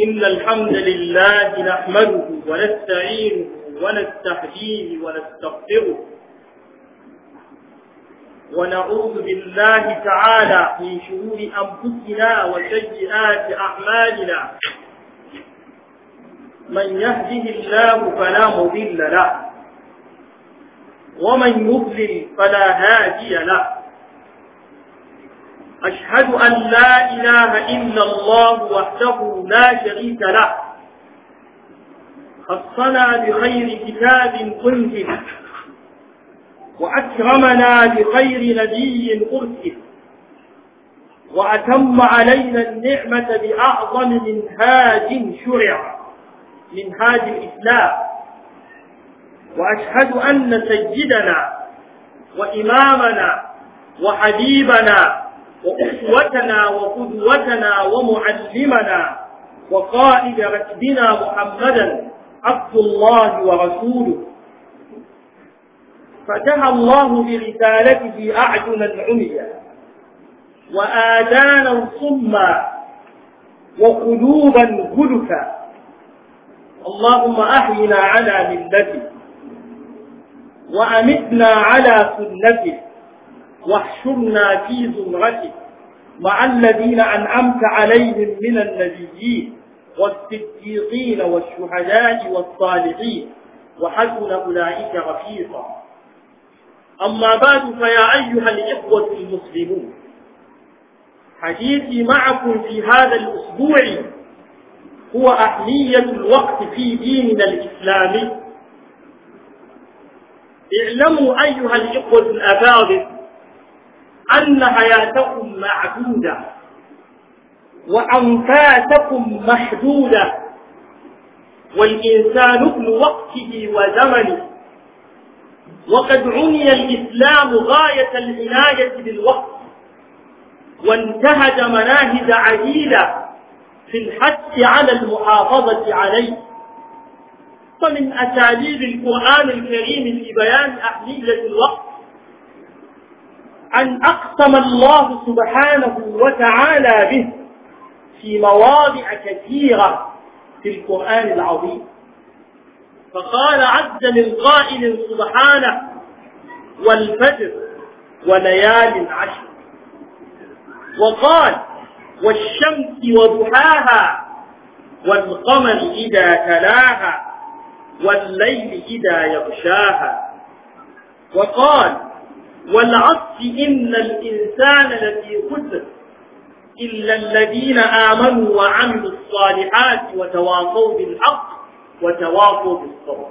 إن الحمد لله نحمده ونستعينه ونستهديه ونستغفره ونعوذ بالله تعالى من شرور أنفسنا وسيئات أعمالنا من يهده الله فلا مضل له ومن يضلل فلا هادي له أشهد أن لا إله إلا الله وحده لا شريك له خصنا بخير كتاب أنزل وأكرمنا بخير نبي أرسل وأتم علينا النعمة بأعظم منهاج شرع منهاج الإسلام وأشهد أن سيدنا وإمامنا وحبيبنا وأسوتنا وقدوتنا ومعلمنا وقائد ركبنا محمدا عبد الله ورسوله فتح الله برسالته أعجنا عميا وآذانا صما وقلوبا غلفا اللهم أحينا على ملته وأمتنا على سنته واحشرنا في زمرتك مع الذين أنعمت عليهم من النبيين والصديقين والشهداء والصالحين وحسن أولئك رفيقا أما بعد فيا أيها الإخوة المسلمون حديثي معكم في هذا الأسبوع هو أهمية الوقت في ديننا الإسلامي اعلموا أيها الإخوة الأفاضل أن حياتكم معدودة وأنفاسكم محدودة والإنسان ابن وقته وزمنه وقد عني الإسلام غاية العناية بالوقت وانتهج مناهج عديدة في الحث على المحافظة عليه فمن أساليب القرآن الكريم في بيان أهمية الوقت أن أقسم الله سبحانه وتعالى به في مواضع كثيرة في القرآن العظيم فقال عز من قائل سبحانه والفجر وليال العشر وقال والشمس وضحاها والقمر إذا تلاها والليل إذا يغشاها وقال والعصف إن الإنسان لفي خسر إلا الذين آمنوا وعملوا الصالحات وتواصوا بالحق وتواصوا بالصبر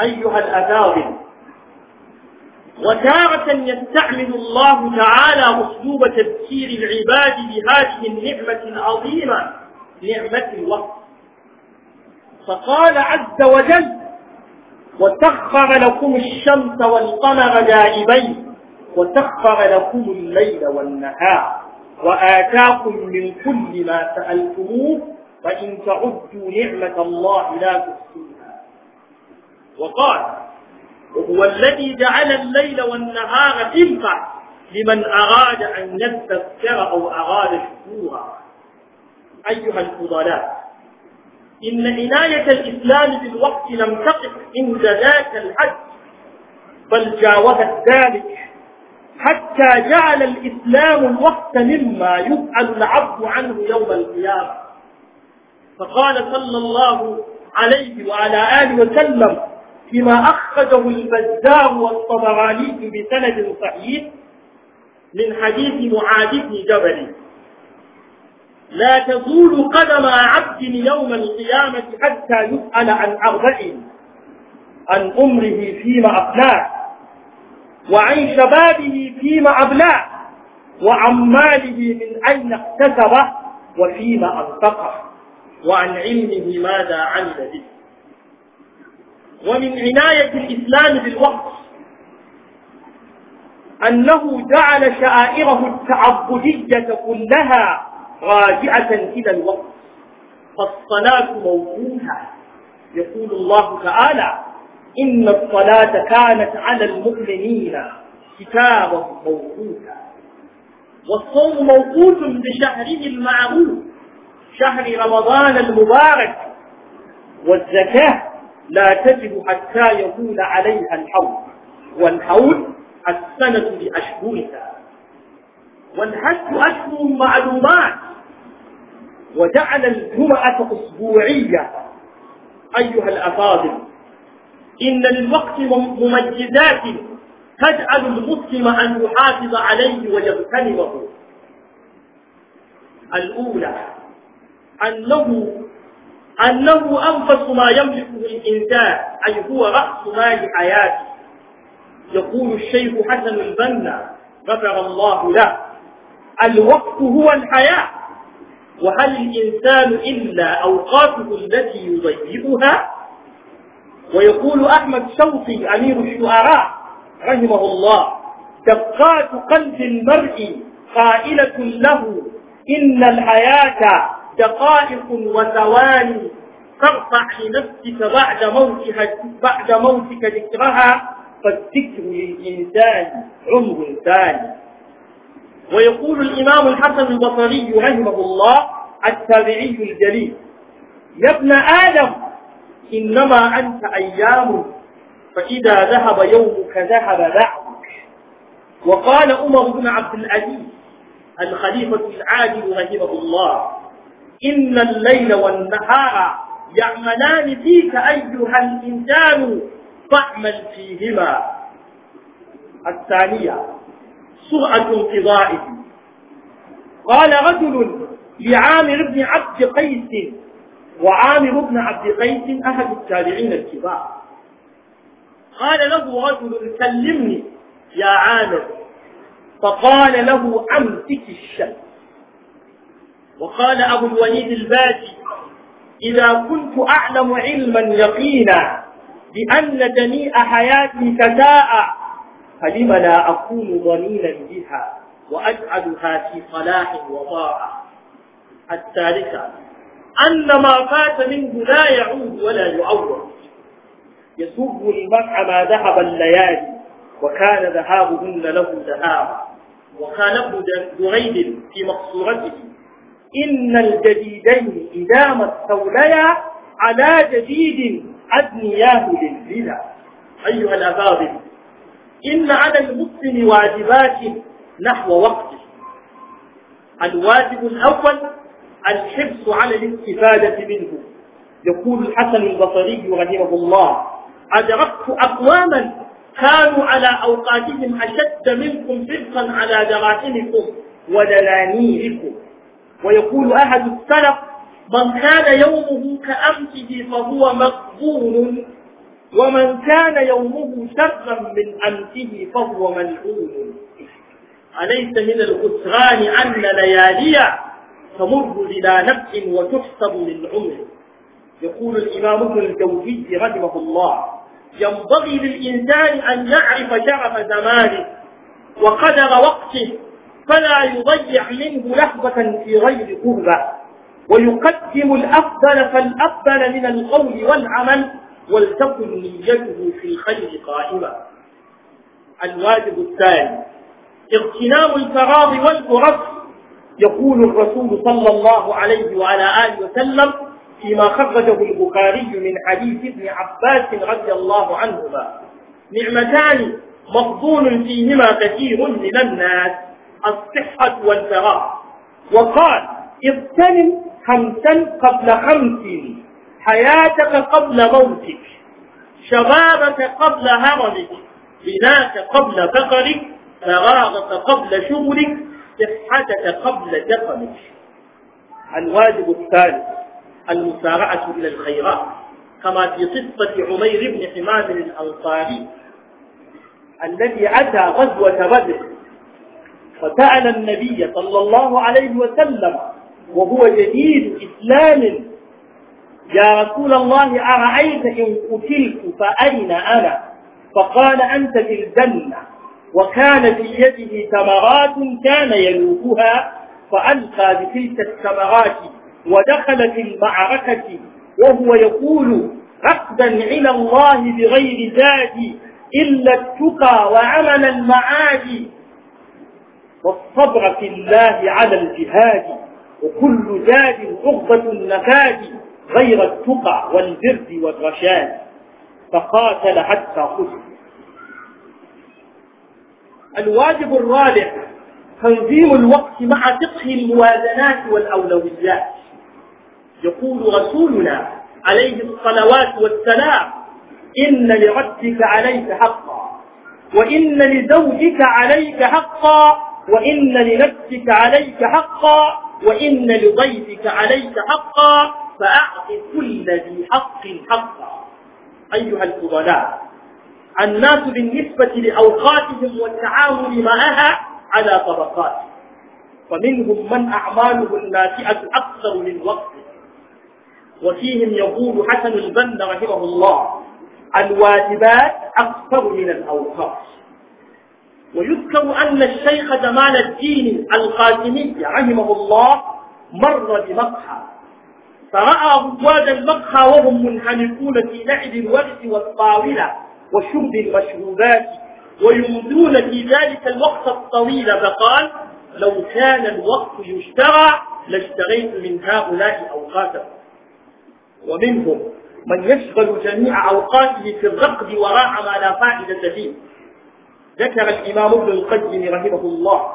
أيها الأكابر وتارة يستعمل الله تعالى أسلوب تذكير العباد بهذه النعمة العظيمة نعمة الوقت فقال عز وجل وسخر لكم الشمس والقمر دائبين وسخر لكم الليل والنهار وآتاكم من كل ما سألتموه فإن تعدوا نعمة الله لا تحصوها وقال وهو الذي جعل الليل والنهار تنفع لمن أراد أن يستذكر أو أراد شكورا أيها الفضلاء إن عناية الإسلام بالوقت لم تقف عند ذاك الحد بل جاوزت ذلك حتى جعل الإسلام الوقت مما يسأل العبد عنه يوم القيامة فقال صلى الله عليه وعلى آله وسلم فيما أخرجه البزار والطبراني بسند صحيح من حديث معاذ بن جبل لا تزول قدم عبد يوم القيامة حتى يسأل عن أربع عن عمره فيما أفناه وعن شبابه فيما أبلاه وعن ماله من أين اكتسبه وفيما أنفقه وعن علمه ماذا عمل به ومن عناية الإسلام بالوقت أنه جعل شعائره التعبدية كلها راجعة إلى الوقت فالصلاة موجودة يقول الله تعالى إن الصلاة كانت على المؤمنين كتابا موقوتا والصوم موقوت بشهره المعروف شهر رمضان المبارك والزكاة لا تجب حتى يكون عليها الحول والحول السنة بأشهرها والحج أشهر معلومات وجعل الجمعة أسبوعية أيها الأفاضل إن الوقت مميزات تجعل المسلم أن يحافظ عليه ويغتنمه الأولى أنه أنه أنفس ما يملكه الإنسان أي هو رأس مال حياته يقول الشيخ حسن البنا غفر الله له الوقت هو الحياة وهل الإنسان إلا أوقاته التي يضيئها ويقول أحمد شوقي أمير الشعراء رحمه الله دقات قلب المرء قائلة له إن الحياة دقائق وثواني ترفع لنفسك بعد موتها بعد موتك ذكرها فالذكر للإنسان عمر ثاني ويقول الإمام الحسن البصري رحمه الله التابعي الجليل يا ابن آدم إنما أنت أيام فإذا ذهب يومك ذهب بعضك وقال عمر بن عبد العزيز الخليفة العادل رحمه الله إن الليل والنهار يعملان فيك أيها الإنسان فاعمل فيهما الثانية سرعة انقضائه قال رجل لعامر بن عبد قيس وعامر بن عبد قيس أحد التابعين الكبار قال له رجل سلمني يا عامر فقال له أمسك الشمس وقال أبو الوليد الباجي إذا كنت أعلم علما يقينا بأن جميع حياتي تساءل فلم لا أكون ضمينا بها وأجعلها في صلاح وطاعة الثالثة أن ما فات منه لا يعود ولا يعوض يسب المرء ما ذهب الليالي وكان ذهابهن له ذهابا وكان ابن دريد في مقصورته إن الجديدين إذا ما استوليا على جديد أدنياه للبلا أيها الأفاضل إن على المسلم واجبات نحو وقته الواجب الأول الحرص على الاستفادة منه يقول الحسن البصري رحمه الله أدركت أقواما كانوا على أوقاتهم أشد منكم حرصا على دراهمكم ودنانيركم ويقول أحد السلف من كان يومه كأمسه فهو مقبول ومن كان يومه شرا من أمسه فهو ملعون أليس من الخسران أن لياليا تمر بلا نفس وتحسب للعمر يقول الإمام ابن الجوزي رحمه الله ينبغي للإنسان أن يعرف شرف زمانه وقدر وقته فلا يضيع منه لحظة في غير قربة ويقدم الأفضل فالأفضل من القول والعمل ولتكن نيته في الخير قائمة الواجب الثاني اغتنام الفراغ والفرص يقول الرسول صلى الله عليه وعلى آله وسلم فيما خرجه البخاري من حديث ابن عباس رضي الله عنهما نعمتان مفضول فيهما كثير من الناس الصحة والفراغ وقال اغتنم خمسا قبل خمس حياتك قبل موتك شبابك قبل هرمك غناك قبل فقرك فراغك قبل شغلك صحتك قبل دقنك الواجب الثالث المسارعة إلى الخيرات كما في قصة عمير بن حمام الأنصاري الذي أتى غزوة بدر فسأل النبي صلى الله عليه وسلم وهو جديد إسلام يا رسول الله أرأيت إن قتلت فأين أنا فقال أنت في الجنة وكان في يده ثمرات كان يلوكها فألقى بتلك الثمرات ودخل في المعركة وهو يقول عقدا إلى الله بغير زاد إلا التقى وعمل المعاد والصبر في الله على الجهاد وكل زاد عقبة النفاد غير التقع والبرد والرشاد فقاتل حتى قتل الواجب الرابع تنظيم الوقت مع فقه الموازنات والأولويات يقول رسولنا عليه الصلوات والسلام إن لربك عليك حقا وإن لزوجك عليك حقا وإن لنفسك عليك حقا وإن لضيفك عليك حقا فأعط كل ذي حق حقا أيها الفضلاء الناس بالنسبة لأوقاتهم والتعامل معها على طبقات فمنهم من أعماله الناتئة أكثر من وقت وفيهم يقول حسن البنا رحمه الله الواجبات أكثر من الأوقات ويذكر أن الشيخ جمال الدين القاسمي رحمه الله مر بمقهى فرأى رواد المقهى وهم منحنقون في لعب الورد والطاولة وشرب المشروبات ويمضون في ذلك الوقت الطويل فقال لو كان الوقت يشترى لاشتريت من هؤلاء أوقاته ومنهم من يشغل جميع أوقاته في الرقد وراء ما لا فائدة فيه ذكر الإمام ابن القيم رحمه الله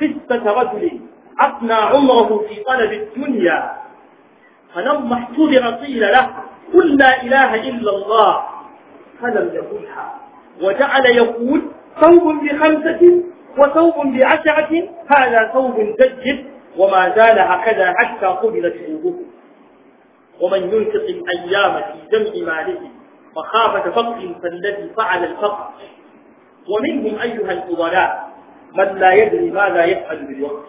قصة رجل أفنى عمره في طلب الدنيا فلما احتضر قيل له قل لا إله إلا الله فلم يقلها وجعل يقول ثوب بخمسة وثوب بعشرة هذا ثوب جيد وما زال هكذا حتى قبلت عوده ومن ينفق الأيام في جمع ماله مخافة فقر فالذي فعل الفقر ومنهم أيها الفضلاء من لا يدري ماذا يفعل بالوقت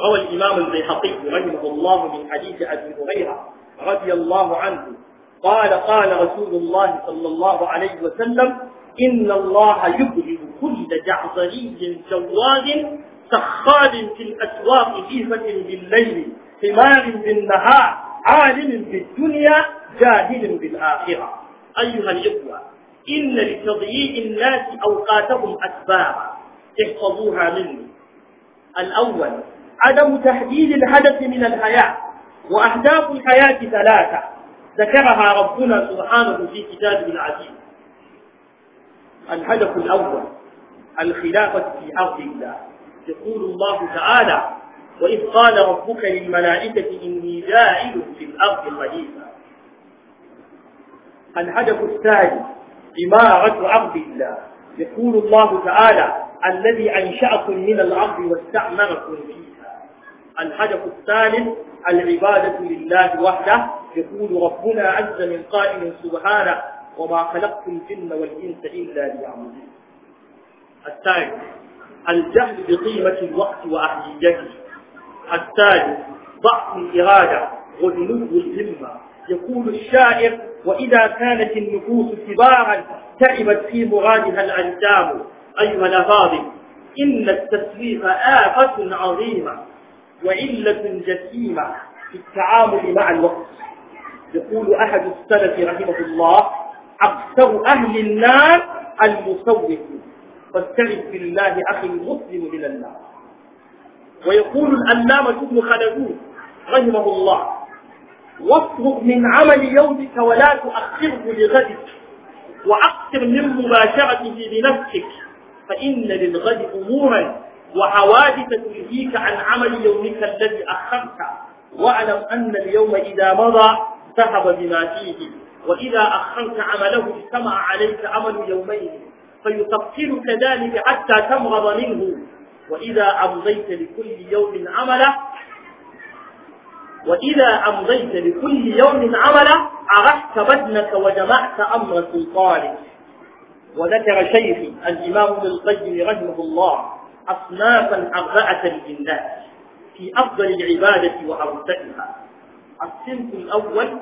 روى الإمام البيهقي رحمه الله من حديث أبي هريرة رضي الله عنه قال قال رسول الله صلى الله عليه وسلم إن الله يبرم كل جعفري جواد سخال في الأسواق جيفة بالليل حمار بالنهار عالم بالدنيا جاهل بالآخرة أيها الإخوة إن لتضييع الناس أوقاتهم أسبابا احفظوها مني الأول عدم تحديد الهدف من الحياة وأهداف الحياة ثلاثة ذكرها ربنا سبحانه في كتابه العزيز الهدف الأول الخلافة في أرض الله يقول الله تعالى وإذ قال ربك للملائكة إني جاعل في الأرض خليفة الهدف الثاني إمارة أرض الله يقول الله تعالى الذي أنشأكم من الأرض واستعمركم فيها الهدف الثالث العبادة لله وحده يقول ربنا عز من قائل سبحانه وما خلقت الجن والإنس إلا ليعبدون الثالث الجهل بقيمة الوقت وأهميته الثالث ضعف الإرادة وذنوب الهمة يقول الشاعر وإذا كانت النفوس كبارا تعبت في مرادها الأجسام أيها الأفاضل إن التسويف آفة عظيمة وعلة جسيمة في التعامل مع الوقت يقول أحد السلف رحمه الله أكثر أهل النار المسوف فاستعذ بالله أخي المسلم من النار ويقول الألامة ابن خلدون رحمه الله واصبر من عمل يومك ولا تؤخره لغدك وأكثر من مباشرته لنفسك فإن للغد أمورا وحوادث تلهيك عن عمل يومك الذي أخرت واعلم أن اليوم إذا مضى ذهب بما فيه وإذا أخرت عمله اجتمع عليك عمل يومين فيثقلك ذلك حتى تمرض منه وإذا أمضيت لكل يوم عمله وإذا أمضيت لكل يوم عمله عرفت بدنك وجمعت أمر سلطانك وذكر شيخي الإمام ابن القيم رحمه الله أصنافا أربعة للناس في أفضل العبادة وأرسلها الصنف الأول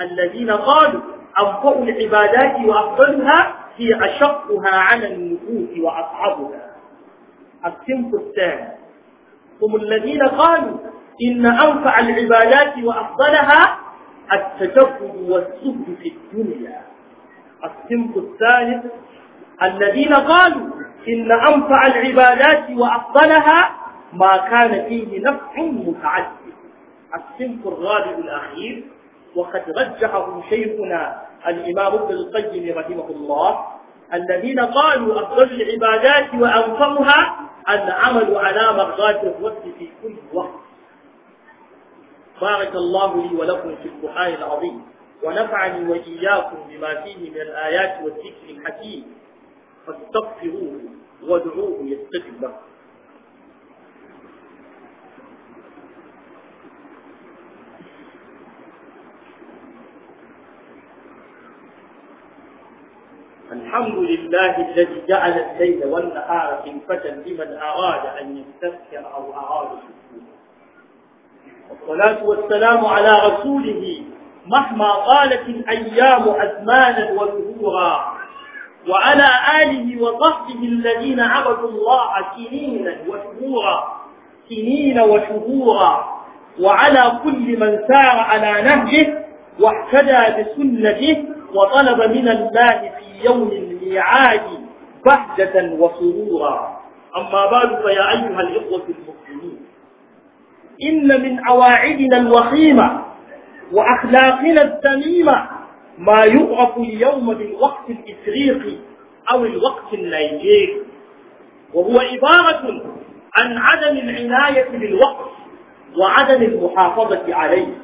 الذين قالوا أفضل العبادات وأفضلها هي أشقها على النفوس وأصعبها الصنف الثاني هم الذين قالوا إن أنفع العبادات وأفضلها التجبد والزهد في الدنيا الصنف الثالث الذين قالوا إن أنفع العبادات وأفضلها ما كان فيه نفع متعدد السنف الرابع الأخير وقد رجحه شيخنا الإمام ابن القيم رحمه الله الذين قالوا أفضل العبادات وأنفعها العمل على مرضات الرب في كل وقت بارك الله لي ولكم في القرآن العظيم ونفعني وإياكم بما فيه من الآيات والذكر الحكيم فاستغفروه وادعوه يستجب لكم الحمد لله الذي جعل الليل والنهار خلفة لمن أراد أن يستذكر أو أراد شكورا والصلاة والسلام على رسوله مهما قالت الأيام أزمانا وزهورا وعلى آله وصحبه الذين عبدوا الله سنين وشهورا سنين وشهورا وعلى كل من سار على نهجه واحتدى بسنته وطلب من الله في يوم الميعاد بهجة وسرورا أما بعد فيا أيها الإخوة المسلمين إن من أواعدنا الوخيمة وأخلاقنا الذميمة ما يعرف اليوم بالوقت الإفريقي أو الوقت النيجيري وهو عبارة عن عدم العناية بالوقت وعدم المحافظة عليه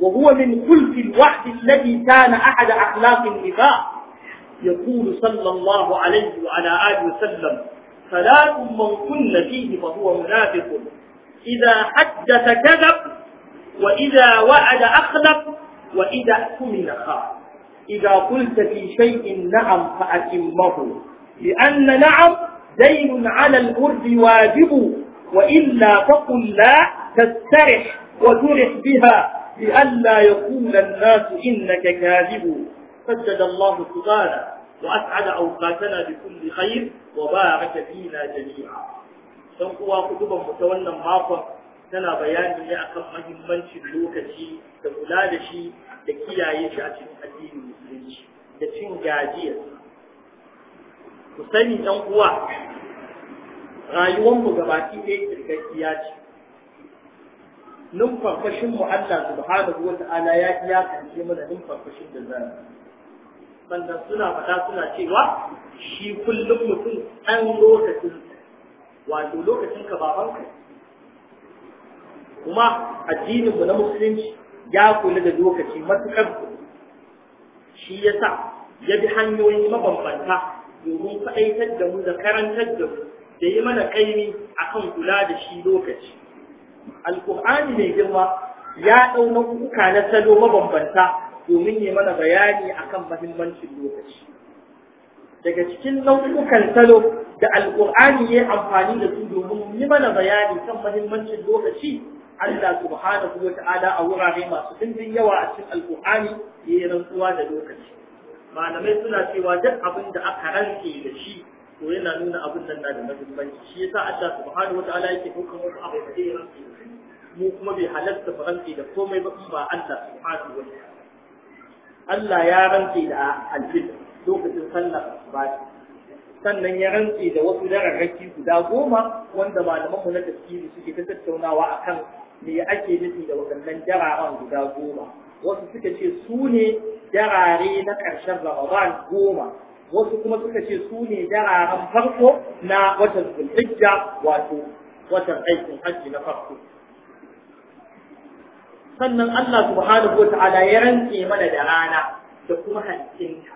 وهو من خلف الوحد الذي كان أحد أخلاق النفاق يقول صلى الله عليه وعلى آله وسلم ثلاث من كن فيه فهو منافق إذا حدث كذب وإذا وعد أخلف وإذا اؤتمن خان إذا قلت في شيء نعم فأتمه لأن نعم دين على الأرض واجب وإلا فقل لا تسترح وترح بها لئلا يقول الناس إنك كاذب سجد الله سبحانه وأسعد أوقاتنا بكل خير وبارك فينا جميعا سنقوى قدوبا kuduban معكم سنة بيان makon tana bayani ne akan mahimmancin lokaci شيء da kiyaye shi a cikin addinin musulunci da cin gajiya ku sani ɗan uwa rayuwarmu gabaki ɗaya kirkakkiya ce numfarfashin mu Allah subhanahu wa ta'ala ya iyakance mana numfarfashin da zan sannan suna faɗa suna cewa shi kullum mutum ɗan lokacin wato lokacin ka babanka kuma addininmu na musulunci ya kula da lokaci matuƙar shi ya sa ya bi hanyoyi mabambanta domin faɗaitar da mu da karantar da mu da yi mana kairi a kan kula da shi lokaci. Alƙur'ani mai girma ya ɗau kuka na salo mabambanta domin yi mana bayani a kan mahimmancin lokaci. Daga cikin nau'ukan salo da Alƙur'ani ya amfani da su domin yi mana bayani kan mahimmancin lokaci Allah subhanahu wa ta'ala a wurare masu dindin yawa a cikin alƙur'ani ya yi rantsuwa da lokaci malamai suna cewa duk abin da aka rantse da shi to yana nuna abin nan na da mahimmanci shi yasa Allah subhanahu wa ta'ala yake hukunta wasu abu da ya rantse mu kuma bai halatta mu rantse da komai ba in ba Allah subhanahu wa ta'ala Allah ya rantse da alfil lokacin sallar asubahi sannan ya rantse da wasu dararraki guda goma wanda malamanmu na tafsiri suke ta tattaunawa a kan. me ake nufi da waɗannan jararen guda goma wasu suka ce su ne jarare na ƙarshen ramadan goma wasu kuma suka ce su ne jararen farko na watan zulhijja wato watan aikin hajji na farko sannan Allah subhanahu wata'ala ya rantse mana da rana da kuma hancinta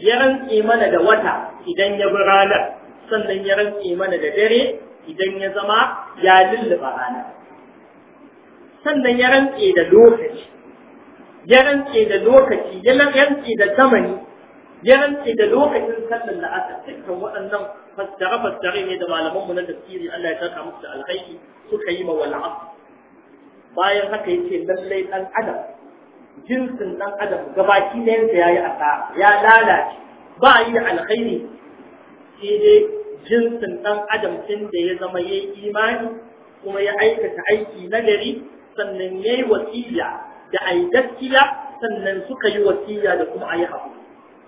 ya rantse mana da wata idan ya bi ranar sannan ya rantse mana da dare idan ya zama ya lulluɓa ranar sannan ya rantse da lokaci ya rantse da lokaci ya rantse da zamani ya rantse da lokacin sallar waɗannan fassara fassare ne da malaman mu na tafsiri Allah ya saka musu da alkhairi suka yi ma wal bayan haka yace lallai ɗan adam jinsin ɗan adam gabaki ne da yayi asara ya lalace ba yi da alkhairi sai dai jinsin ɗan adam tun da ya zama yayi imani kuma ya aikata aiki nagari sannan ya yi wasiya da yi gaskiya sannan suka yi wasiya da kuma ayi haƙuri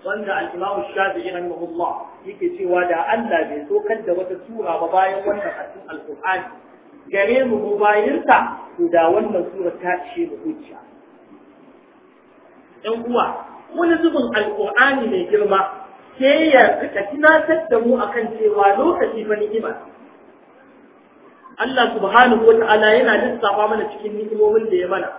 wanda al-Imam Shafi'i rahimahullah yake cewa da Allah bai kan da wata sura ba bayan wannan hatin al-Qur'ani gare mu mu bayinsa to da wannan sura ta ishe mu hujja Yan uwa wani zubin al mai girma sai ya rika tunatar da mu akan cewa lokaci mani ni'ima Allah subhanahu wa yana lissafa mana cikin ni'imomin da ya mana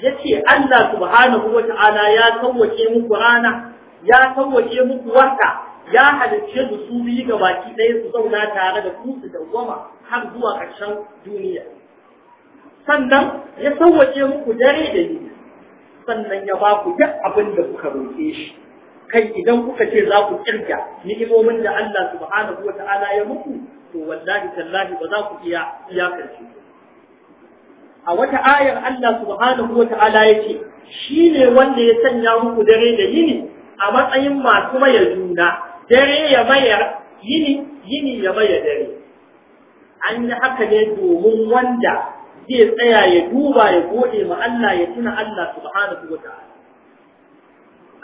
yace Allah subhanahu wa ya sauwake muku rana ya sauwake muku wata ya halicce da su biyu ga baki ɗaya su zauna tare da ku su dawwama har zuwa ƙarshen duniya sannan ya sauwake muku dare da ni sannan ya ba ku duk abin da kuka roƙe shi kai idan kuka ce za ku kirga ni'imomin da Allah subhanahu wa ya muku to wallahi tallahi ba za ku iya iyakance a wata ayar Allah subhanahu wa ta'ala yace ne wanda ya sanya muku dare da yini a matsayin masu maye juna dare ya maye yini yini ya maye dare an yi haka ne domin wanda zai tsaya ya duba ya gode ma Allah ya tuna Allah subhanahu wa ta'ala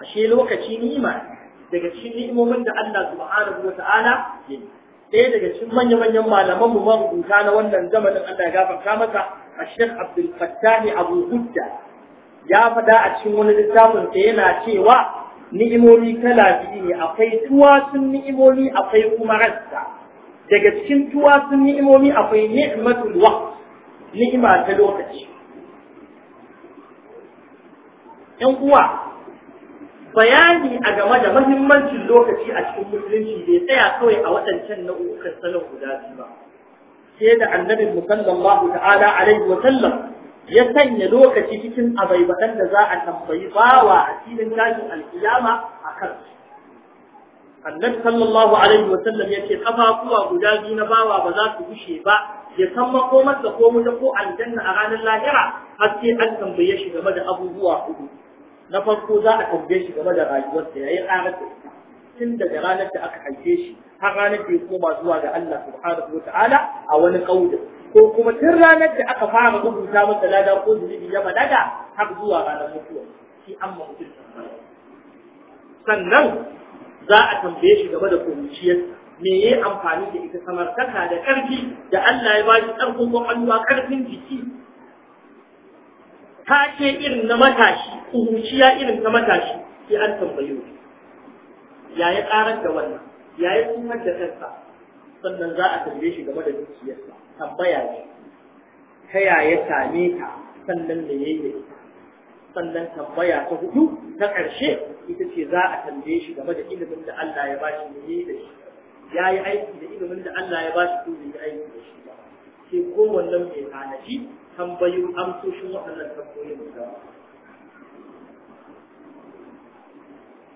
ashe lokaci ni'ima daga cikin ni'imomin da Allah subhanahu wa ta'ala ya yi ɗaya daga cikin manya-manyan malaman mu rubuta na wannan zamanin Allah ya gafarta masa a Sheikh Abdul Fattah Abu Hudda ya faɗa a cikin wani littafin sa yana cewa ni'imomi kala biyu ne akwai tuwatsun ni'imomi akwai kuma rassa daga cikin tuwatsun ni'imomi akwai ni'matul waqt ni'ima ta lokaci ƴan uwa bayani a game da mahimmancin lokaci a cikin musulunci bai tsaya kawai a waɗancan nau'ukan salon guda biyu ba sai da annabin mu sallallahu ta'ala alaihi wa sallam ya sanya lokaci cikin abaibaɗan da za a tambayi bawa a cikin tashin alkiyama a kan annabi sallallahu alaihi wa sallam ya ce kafafuwa guda biyu na bawa ba za su gushe ba ya san makomar da ko mutu ko aljanna a ranar lahira har sai an tambaye shi game da abubuwa hudu na farko za a tambaye shi game da rayuwarsa yayi tsarar da ita tun daga ranar da aka haife shi har ranar da ya koma zuwa ga Allah subhanahu wataala a wani kauli ko kuma tun ranar da aka fara rubuta masa lada ko zunubi ya balaga har zuwa ranar mutuwa shi an mutum sannan za a tambaye shi game da kuruciyarsa me yayi amfani da ita samartaka da karfi da Allah ya ba shi karfin kwakwalwa karfin jiki ka ce irin na matashi kuruciya irin na matashi sai an tambayo ya ya karar da wannan ya ya tsumar da kansa sannan za a tambaye shi game da dukiyarsa tambaya ne ta ya ya same ta sannan ya me yayi sannan tambaya ta hudu ta ƙarshe ita ce za a tambaye shi game da ilimin da Allah ya ba bashi ne yi da shi ya yi aiki da ilimin da Allah ya ba shi ko ya yi aiki da shi ba sai kowannen mai hanashi tambayoyi amsoshin waɗannan tambayoyin da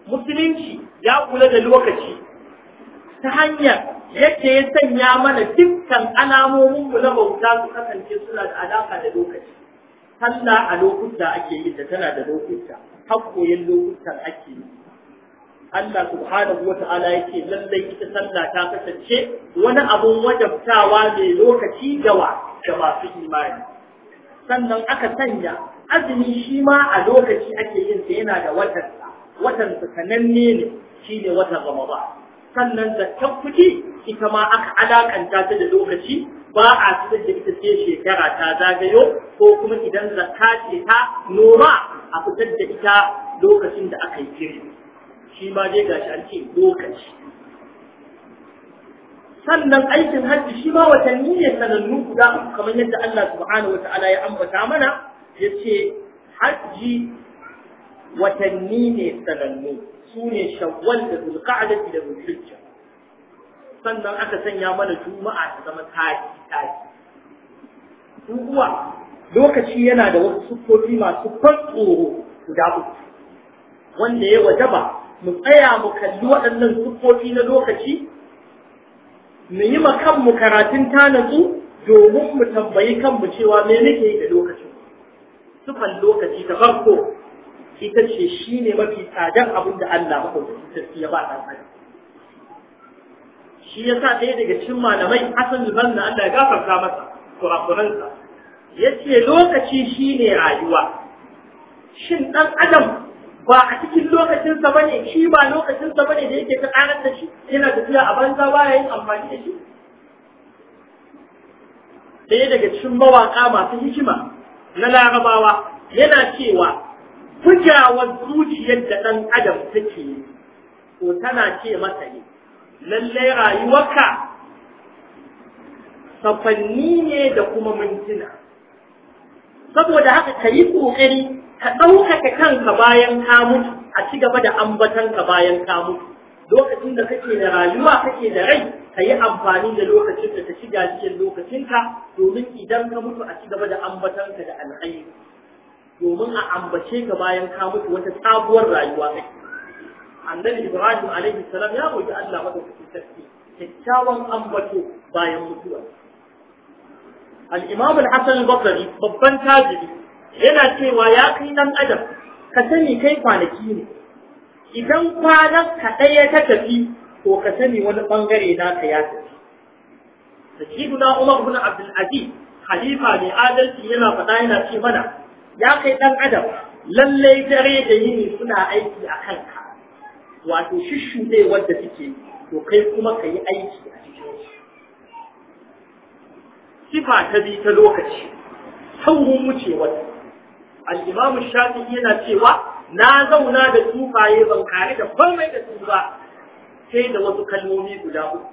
musulunci ya kula da lokaci ta hanyar yake ya sanya mana dukkan alamomin mu na bauta su kasance suna da alaka da lokaci sallah a lokuta ake yi da tana da lokuta hakkoyin lokutan ake yi Allah subhanahu wa ta'ala yake lallai ita sallah ta kasance wani abun wajabtawa mai lokaci gawa da masu imani sannan aka sanya azumi shi ma a lokaci ake yin sa yana da watan watan sananne ne shine watan Ramadan sannan zakkan kuɗi ita ma aka alakanta ta da lokaci ba a cikin da ita ce shekara ta zagayo ko kuma idan zakka ce ta noma a fitar da ita lokacin da aka yi kiri shi ma dai gashi an ce lokaci sannan aikin hajji shi ma watanni ne sanannu guda kamar yadda Allah subhanahu wa ya ambata mana ya ce hajji watanni ne sanannu su ne shawwal da zulqa'ada da zulhijja sannan aka sanya mana juma'a ta zama taki taki uwa lokaci yana da wasu siffofi masu ban tsoro guda uku wanda ya wajaba mu tsaya mu kalli waɗannan siffofi na lokaci mu yi ma kanmu karatun tanatsu domin mu tambayi kanmu cewa me nake yi da lokacin sufan lokaci ta farko ita ce shi ne mafi tsadar abin da Allah maɗaukaki sarki ya ba ɗan adam shi ya sa ɗaya daga cikin malamai Hassan na Allah ya gafarta masa kurakuransa ya ce lokaci shi ne rayuwa shin ɗan adam ba a cikin lokacinsa ba ne shi ba lokacinsa ba ne da yake ta ƙarar da shi yana tafiya a banza ba ya yi amfani da shi ɗaya daga cikin mawaƙa masu hikima na larabawa yana cewa kujawar zuciyar da ɗan adam take yi ko tana ce masa ne lallai rayuwarka safanni ne da kuma mintuna saboda haka ka yi ƙoƙari ka ɗaukaka kanka bayan ka mutu a ci gaba da ambatanka bayan ka mutu lokacin da kake da rayuwa kake da rai ka yi amfani da lokacin da ka shiga cikin lokacinka domin idan ka mutu a ci gaba da ambatanka da alhaini domin a ambace ka bayan ka mutu wata sabuwar rayuwa kai annabi ibrahim alaihi salam ya roki Allah madaukakin sarki kyakkyawan ambato bayan mutuwa al-imam al-hasan al-basri babban tajiri yana cewa ya kai dan adam ka sani kai kwanaki ne idan kwanan ka ɗaya ta tafi ko ka sani wani bangare ka ya tafi na umar ibn abdul aziz khalifa mai adalci yana faɗa yana ce mana ya kai dan adam lallai dare da yini suna aiki a kanka wato shushuɗe wanda suke to kai kuma ka yi aiki a cikin sifa ta bi ta lokaci sauhun wucewar al-imam yana cewa na zauna da tufaye ban kare da komai da su ba sai da wasu kalmomi guda uku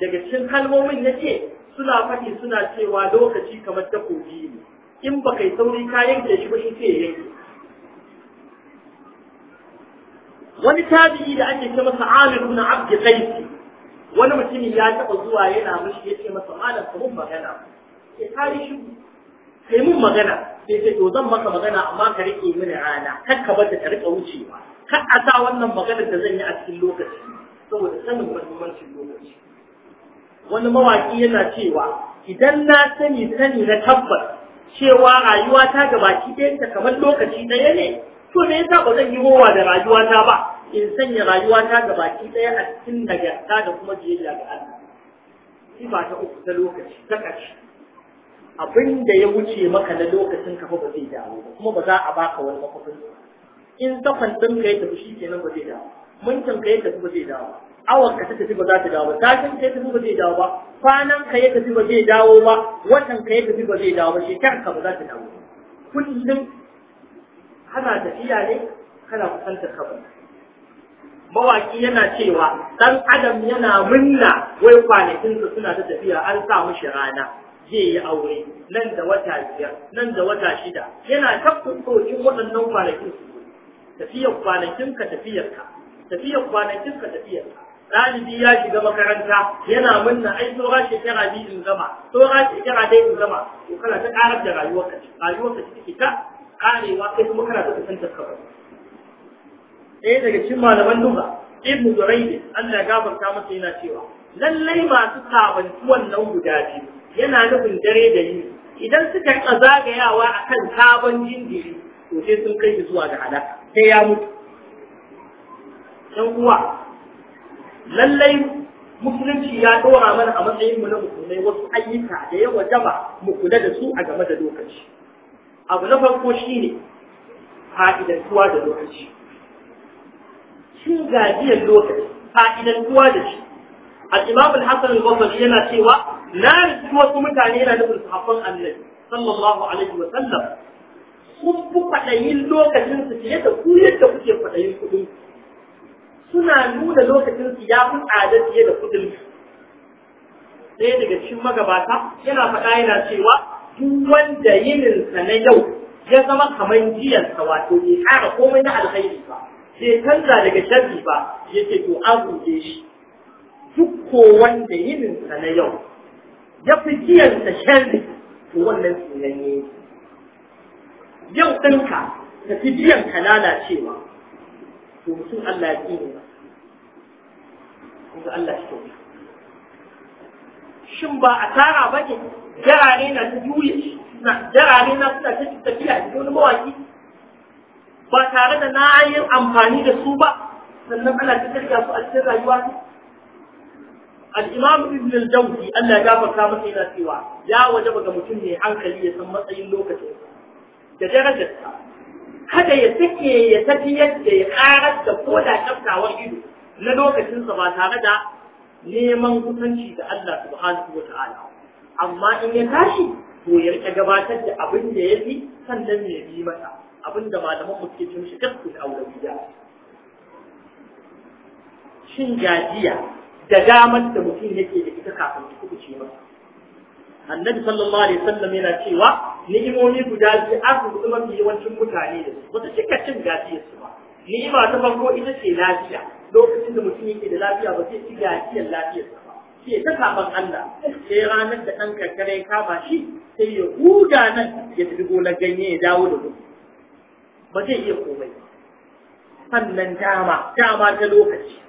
daga cikin kalmomin nace suna faɗi suna cewa lokaci kamar takobi ne in ba kai sauri ka yanke shi ba shi sai ya yanke wani tabi'i da ake ce masa Amir na Abd wani mutumin ya taba zuwa yana mishi yace masa malam ka magana ya tare shi kai mun magana sai sai to zan maka magana amma ka rike mini rana kar ka bar ta rika wucewa kar a sa wannan maganar da zan yi a cikin lokaci saboda sanin muhimmancin lokaci wani mawaki yana cewa idan na sani sani na tabbas cewa rayuwa ta baki ɗayanta kamar lokaci ɗaya ne to me yasa ba zan yi howa da rayuwa ta ba in sanya rayuwa ta baki ɗaya a cikin nagarta da kuma jiyayya ga Allah sifa ta uku ta lokaci ta ƙarshe abin da ya wuce maka na lokacin kafa ba zai dawo ba kuma ba za a baka wani makwafin in sakon ɗin ka ya tafi shi kenan ba zai dawo mintin ka ya tafi ba zai dawo awar ka ta tafi ba za ta dawo ba tashin ka ya tafi ba zai dawo ba kwanan ka ya tafi ba zai dawo ba watan ka ya tafi ba zai dawo ba shekarar ka ba za ta dawo ba kullum kana tafiya ne kana kusantar ba mawaki yana cewa dan adam yana munna wai kwanakinsa suna ta tafiya an sa mishi rana zai yi aure nan da wata biyar nan da wata shida yana tabbatocin waɗannan kwanakin su tafiyar kwanakin ka tafiyar ka tafiyar kwanakin ka tafiyar ka ɗalibi ya shiga makaranta yana munna ai tsora shekara biyu in zama. tsora shekara dai in gama to kana ta ƙarar da rayuwarka rayuwarka take ta ƙarewa kai kuma kana ta kusantar kabar ɗaya daga cikin malaman duba ibnu zuraidi Allah ya gafarta masa yana cewa lallai masu sabantuwan nan guda biyu yana nufin dare da yi idan suka yi zagayawa a kan sabon jinjiri to sai sun kai zuwa ga hada sai ya mutu dan uwa lallai musulunci ya dora mana a matsayin mu na musulmai wasu ayyuka da yawa jama mu kula da su a game da lokaci abu na farko shine fa'idantuwa da lokaci shin gajiyar lokaci fa'idantuwa da shi al-imam al-hasan yana cewa na rubuta wasu mutane yana nufin sahabban annabi sallallahu alaihi wa sallam kun fi kwaɗayin lokacin fiye da ku yadda kuke kwaɗayin kuɗin suna nuna lokacin su ya fi tsada fiye da kuɗin ɗaya daga cikin magabata yana faɗa yana cewa duk wanda yininsa na yau ya zama kamar jiyansa wato bai ƙara komai na alkhairi ba bai canza daga sharri ba yake to an ruɗe shi duk ko wanda yininsa na yau ya fi jiyansa sharri to wannan tsinanye yau ɗinka ka fi biyanka lalacewa to mutum Allah ya ƙi ba Allah ya kyauta shin ba a tara ba ne jarare na ta juye jarare na suna ta tafiya da wani mawaki ba tare da na yi amfani da su ba sannan ana ta karya su a cikin rayuwa al ibn al-jawzi Allah ya gafarta masa yana cewa ya wajaba ga mutum ne hankali ya san matsayin lokacin da darajarsa kada ya sake ya tafi yadda ya karar da ko da tsaftawar ido na lokacinsa ba tare da neman kusanci da Allah subhanahu wa ta'ala amma in ya tashi to ya rika gabatar da abin da ya fi sannan ya bi masa abin da malaman mu suke cin shi kafin aure gida shin jajiya. da damar da mutum yake da ita kafin ta kuɓuce masa annabi sallallahu alaihi wasallam yana cewa ni'imomi guda biyu an mafi yawancin mutane da su wata cika cin su ba ni'ima ta farko ita ce lafiya lokacin da mutum yake da lafiya ba zai ci gajiyar lafiyar ba sai ta kafin Allah sai ranar da ɗan karkara ya kama shi sai ya huda nan ya tafi gonar ganye ya dawo da gudu ba zai iya komai ba. sannan dama dama ta lokaci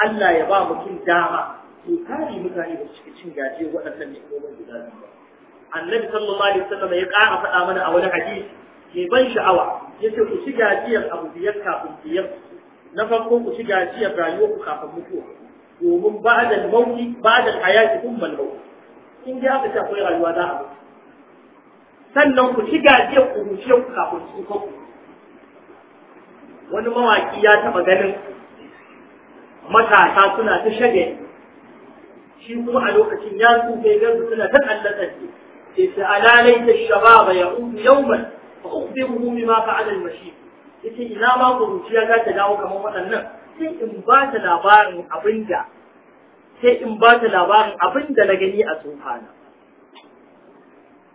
Allah ya ba mutum dama to kare mutane da suke cin gaje waɗannan ne komai guda biyu annabi sallallahu alaihi wasallam ya ƙara faɗa mana a wani hadisi ke ban sha'awa yace ku ci gajiyar abu biyar kafin biyar na farko ku ci gajiyar rayuwar ku kafin mutuwa domin mauki ba da hayati kun bal Kin in ji aka ce akwai rayuwa za a mutu sannan ku ci gajiyar ku rushe ku kafin tsufa ku wani mawaki ya taɓa ganin matasa suna ta shage shi kuma a lokacin ya tsufe gansu suna ta tsallakace sai ta alalai ta shababa ya umu yauman fa ukhbiruhu bima fa'ala al-mashib yace ina ma kuruciya za ta dawo kamar waɗannan sai in ba ta labarin abinda sai in ba ta labarin abinda na gani a tsofana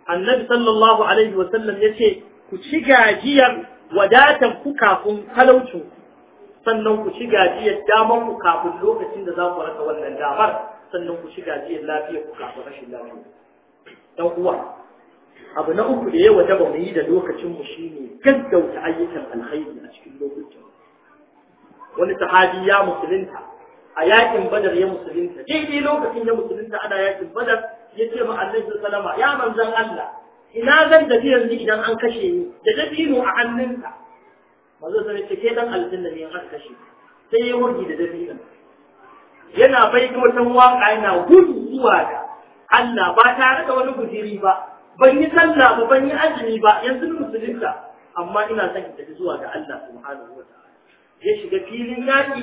annabi sallallahu alaihi wa sallam yace ku ci gajiyar wadatar ku kafin talaucinku sannan ku shiga gajiyar damar ku kafin lokacin da za ku rasa wannan damar sannan ku shiga jiya lafiyar ku kafin rashin lafiya dan uwa abu na uku da yawa waje ba mu yi da lokacin mu shine gaggauta ayyukan alkhairi a cikin lokacin wani sahabi ya musulunta a yakin badar ya musulunta daidai lokacin ya musulunta ana yakin badar ya ce ma annabi ya alaihi ya manzon Allah ina zan tafi yanzu idan an kashe ni da dabino a hannunka manzo sai ce ke dan aljanna ne aka kashe sai ya wurgi da dabina yana bai da wata waka yana gudu zuwa da Allah ba tare da wani gudiri ba ban yi sallah ba ban yi azumi ba yanzu musulunta amma ina son ki tafi zuwa ga Allah subhanahu wa ta'ala ya shiga filin yaki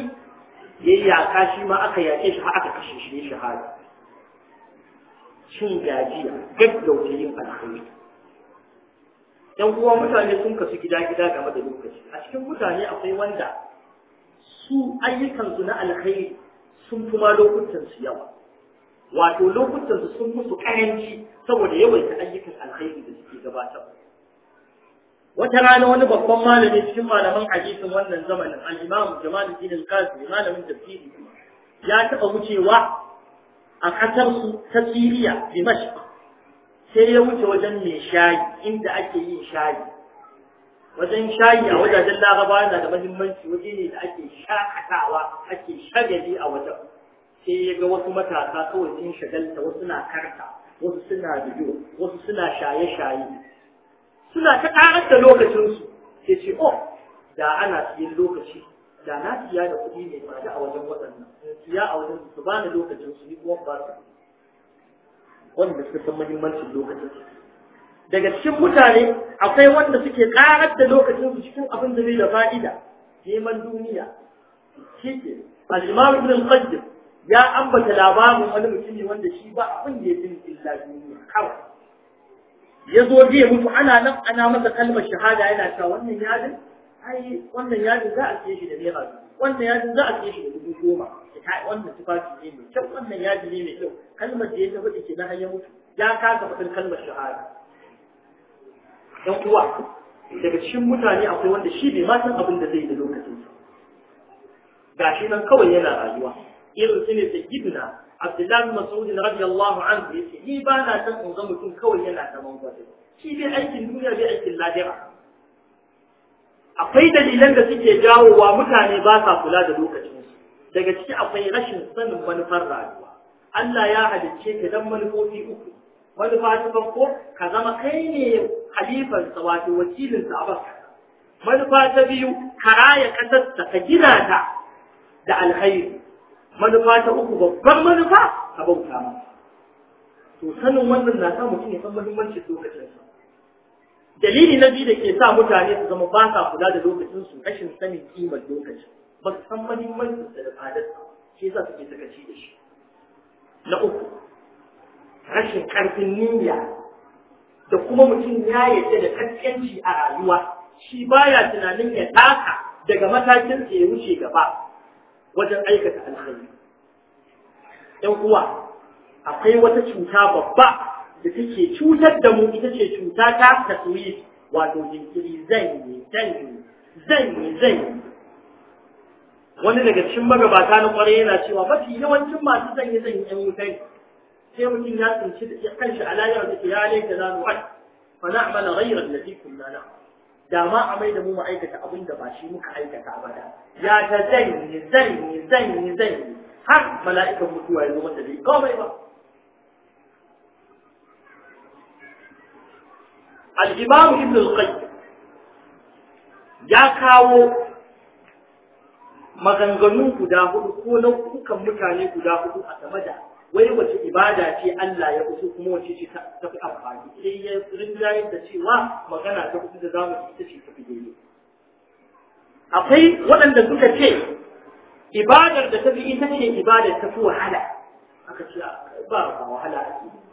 ya yaka shi ma aka yake shi aka kashe shi ne shahada shin gajiya gaggauta yin alkhairi yan uwa mutane sun kasu gida-gida game da lokaci a cikin mutane akwai wanda su ayyukansu na alkhairi sun fi ma lokutansu yawa wato lokutansu sun musu karanci saboda yawaita ayyukan alkhairi da suke gabatar wata rana wani babban malami cikin malaman hadisin wannan zamanin al-imam Jamaluddin al-Qasimi malamin tafsiri ya taba wucewa a kasar su ta Siriya Dimashq sai ya wuce wajen mai shayi inda ake yin shayi wajen shayi a wajajen laraba yana da mahimmanci waje ne da ake shakatawa ake shagali a wajen sai ya ga wasu matasa kawai sun shagalta wasu na karta wasu suna bidiyo wasu suna shaye-shaye suna ta karar da lokacinsu sai ce oh da ana siyan lokaci da na siya da kuɗi ne ba a wajen waɗannan siya a wajen su ba ni lokacin su ni kuma ba su wanda suka san muhimmancin lokacin daga cikin mutane akwai wanda suke karar da lokacin su cikin abin da zai da fa'ida neman duniya shi ke al-imam ibn al-qayyim ya ambata labarin wani mutumi wanda shi ba abin da ya fi illa duniya kawai ya zo zai mutu ana nan ana masa kalmar shahada yana cewa wannan yadin ai wannan yadin za a siye shi da naira wannan yadin za a siye shi da dubu goma kai wannan tufafi ne mai kyau wannan yaji ne mai kyau kalmar da ya tafi faɗi kenan har ya mutu ya kasa faɗin kalmar shahara. dan uwa daga cikin mutane akwai wanda shi bai ma san abin da zai yi da lokacin sa shi nan kawai yana rayuwa irin su ne sayyidina Abdullahi Mas'ud radiyallahu anhu yace ni ba na san in ga mutum kawai yana zaman gwada shi bai aikin duniya bai aikin lahira akwai dalilan da suke jawowa mutane ba sa kula da lokacin su daga ciki akwai rashin sanin manufar rayuwa Allah ya halicce ka dan manufofi uku manufa ta farko ka zama kai ne halifarsa wato wakilinsa a baka manufa ta biyu ka raya ta, ka gina ta da alkhairi manufa ta uku babban manufa ka bauta masa to sanin wannan na sa mutum ya san muhimmancin lokacinsa dalili na biyu da ke sa mutane su zama ba sa kula da lokacinsu rashin sanin kimar lokacin ba su san mahimmancin da tsadarsa shi yasa suke sakaci da shi na uku rashin karfin niyya da kuma mutum ya yadda da kaskanci a rayuwa shi baya tunanin ya taka daga matakin sa ya wuce gaba wajen aikata alheri ɗan uwa akwai wata cuta babba da take cutar da mu ita ce cuta ta taswiri wato jinkiri zan yi zan yi zan yi zan yi wani daga cikin magabata na kwarai yana cewa mafi yawancin masu sanyi sanye yan wutai sai mutum ya tsinci da kanshi a layar da ke yare da zanu wai fa na amala ghayra allati kunna na da ma a mai da mu ma'aikata abin da ba shi muka aikata ba da ya ta zanyi zanyi zanyi zanyi har mala'ikan mutuwa ya zo mata bai komai ba al-imam ibn al-qayyim ya kawo maganganun guda hudu ko nau'ukan mutane guda hudu a game da wai wace ibada ce Allah ya fito kuma wace ce ta fi amfani sai ya rinjaye da cewa magana ta kusa da zamu ita ce ta fi daidai akwai waɗanda suka ce ibadar da ta fi ita ce ibadar ta fi wahala aka ce ah, ba ba wahala a cikin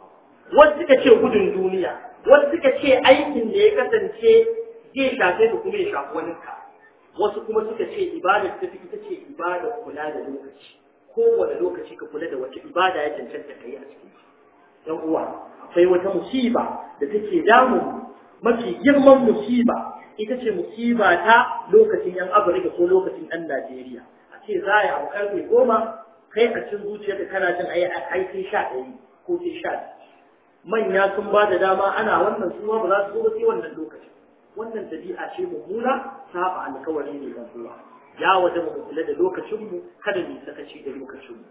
wasu suka ce gudun duniya wasu suka ce aikin da ya kasance zai shafe ka kuma ya shafi wani ka wasu kuma suka ce ibada ta fi ita ce ibada kula da lokaci kowane lokaci ka kula da wata ibada ya cancanta kai a cikin dan uwa akwai wata musiba da take damu mafi girman musiba ita ce musiba ta lokacin yan afirka ko lokacin yan najeriya a ce za a yi abu karfe goma kai a cin zuciyar da kana jin ayi ai sai sha ɗari ko sai sha manya sun ba da dama ana wannan suma ba za su zo ba sai wannan lokacin wannan dabi'a ce mummuna saba alkawari ne ga Allah ya waje mu kula da lokacin mu kada mu sakaci da lokacin mu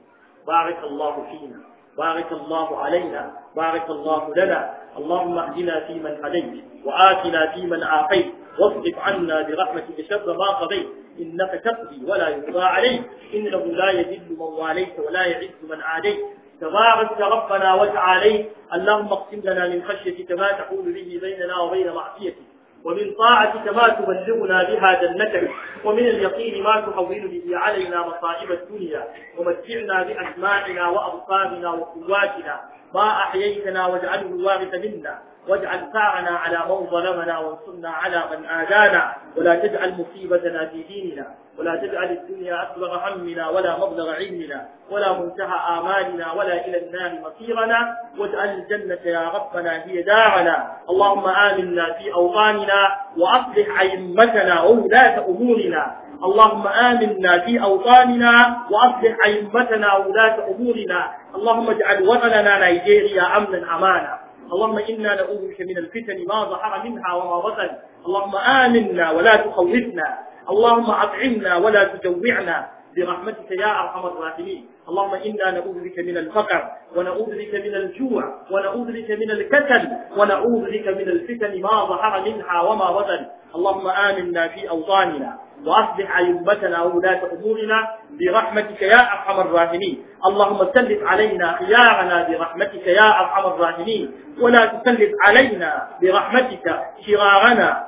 barakallahu fina barakallahu alaina barakallahu lana اللهم اهدنا فيمن هديت وآتنا فيمن عافيت واصرف عنا برحمتك شر ما قضيت إنك تقضي ولا يقضى عليك إنه لا يذل من واليت ولا يعز من عاديت تبارك ربنا وتعالي اللهم اقسم لنا من خشيتك ما تحول به بيننا وبين معصيتك ومن طاعتك ما تبلغنا بها جنتك ومن اليقين ما تحول به علينا مصائب الدنيا ومتعنا بأسماعنا وأبصارنا وقواتنا ما أحييتنا واجعله الوارث منا واجعل ساعنا على من ظلمنا وانصرنا على من آذانا ولا تجعل مصيبتنا في ديننا ولا تجعل الدنيا أكبر همنا ولا مبلغ علمنا ولا منتهى آمالنا ولا إلى النار مصيرنا واجعل الجنة يا ربنا هي دارنا اللهم آمنا في أوطاننا وأصلح أئمتنا وولاة أمورنا اللهم آمنا في أوطاننا وأصلح أئمتنا وولاة أمورنا اللهم اجعل وطننا نيجيريا أمنا أمانا اللهم إنا نعوذ بك من الفتن ما ظهر منها وما بطن اللهم آمنا ولا تخوفنا اللهم أطعمنا ولا تجوعنا برحمتك يا أرحم الراحمين اللهم إنا نعوذ بك من الفقر ونعوذ بك من الجوع ونعوذ بك من الكسل ونعوذ بك من الفتن ما ظهر منها وما بطن اللهم آمنا في أوطاننا وأصلح أئمتنا وولاة أمورنا برحمتك يا أرحم الراحمين اللهم سلط علينا خيارنا برحمتك يا أرحم الراحمين ولا تسلط علينا برحمتك شرارنا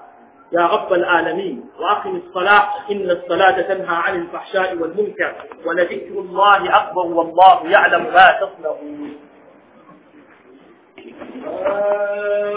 يا رب العالمين وأقم الصلاة إن الصلاة تنهى عن الفحشاء والمنكر ولذكر الله أكبر والله يعلم ما تصنعون